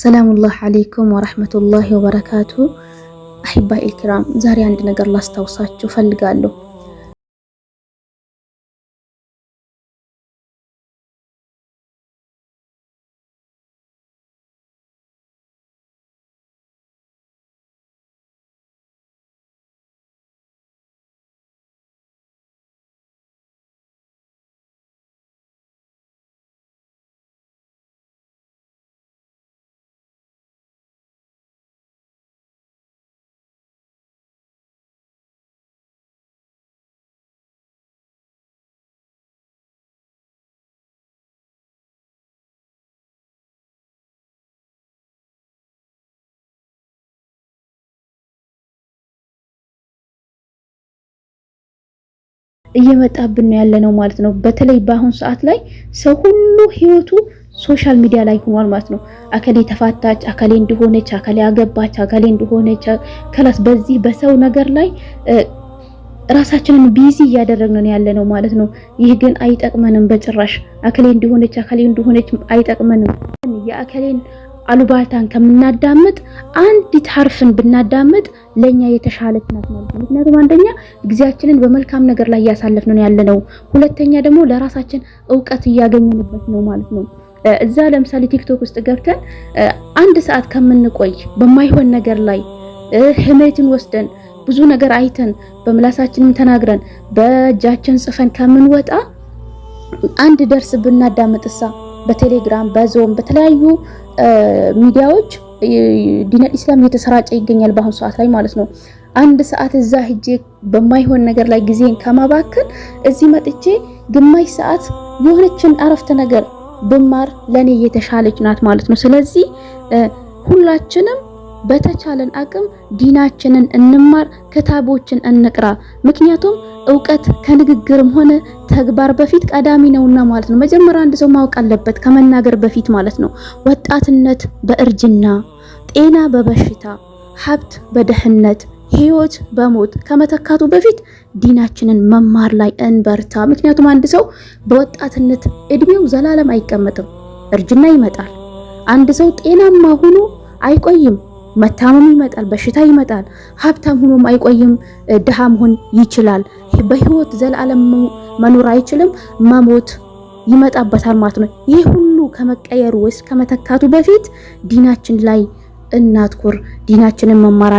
ሰላሙላህ አሌይኩም ወረህመቱላሂ ወበረካቱ። አሂባ ኢክራም ዛሬ አንድ ነገር ላስታውሳችሁ ፈልጋለሁ። እየመጣብን ነው ያለ ነው ማለት ነው። በተለይ በአሁን ሰዓት ላይ ሰው ሁሉ ህይወቱ ሶሻል ሚዲያ ላይ ሆኗል ማለት ነው። አከሌ ተፋታች፣ አከሌ እንደሆነች፣ አከሌ አገባች፣ አከሌ እንደሆነች ከላስ በዚህ በሰው ነገር ላይ ራሳችንን ቢዚ እያደረግን ያለ ነው ማለት ነው። ይህ ግን አይጠቅመንም በጭራሽ። አከሌ እንደሆነች አከሌ እንደሆነች አይጠቅመንም። የአከሌን አሉባልታን ከምናዳምጥ አንዲት ሀርፍን ብናዳምጥ ለኛ የተሻለች ናት ማለት ነው። ምክንያቱም አንደኛ ጊዜያችንን በመልካም ነገር ላይ እያሳለፍን ነው ሁለተኛ ደግሞ ለራሳችን እውቀት እያገኘንበት ነው ማለት ነው። እዛ ለምሳሌ ቲክቶክ ውስጥ ገብተን አንድ ሰዓት ከምንቆይ በማይሆን ነገር ላይ ህመትን ወስደን ብዙ ነገር አይተን በምላሳችንም ተናግረን በእጃችን ጽፈን ከምንወጣ አንድ ደርስ ብናዳምጥሳ በቴሌግራም በዞም በተለያዩ ሚዲያዎች ዲነል ኢስላም እየተሰራጨ ይገኛል በአሁኑ ሰዓት ላይ ማለት ነው። አንድ ሰዓት እዛ ሂጄ በማይሆን ነገር ላይ ጊዜን ከማባከን እዚህ መጥቼ ግማሽ ሰዓት የሆነችን አረፍተ ነገር ብማር ለእኔ እየተሻለች ናት ማለት ነው። ስለዚህ ሁላችንም በተቻለን አቅም ዲናችንን እንማር፣ ክታቦችን እንቅራ። ምክንያቱም እውቀት ከንግግርም ሆነ ተግባር በፊት ቀዳሚ ነውና ማለት ነው። መጀመሪያ አንድ ሰው ማወቅ አለበት ከመናገር በፊት ማለት ነው። ወጣትነት በእርጅና፣ ጤና በበሽታ፣ ሀብት በደህንነት ህይወት በሞት ከመተካቱ በፊት ዲናችንን መማር ላይ እንበርታ። ምክንያቱም አንድ ሰው በወጣትነት እድሜው ዘላለም አይቀመጥም፣ እርጅና ይመጣል። አንድ ሰው ጤናማ ሆኖ አይቆይም። መታመም ይመጣል፣ በሽታ ይመጣል። ሀብታም ሆኖም አይቆይም፣ ድሃ መሆን ይችላል። በህይወት ዘላለም መኖር አይችልም፣ መሞት ይመጣበታል ማለት ነው። ይህ ሁሉ ከመቀየሩ ወይስ ከመተካቱ በፊት ዲናችን ላይ እናትኩር፣ ዲናችንን መማር